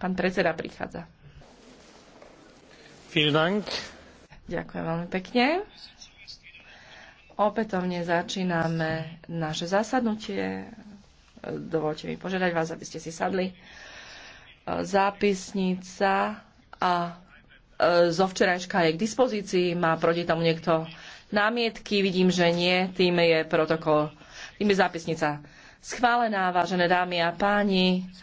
Pán predseda prichádza. Ďakujem veľmi pekne. Opätovne začíname naše zasadnutie. Dovolte mi požiadať vás, aby ste si sadli. Zápisnica a e, zo včerajška je k dispozícii. Má proti tomu niekto námietky? Vidím, že nie. Tým je protokol tým je zápisnica schválená, vážené dámy a páni.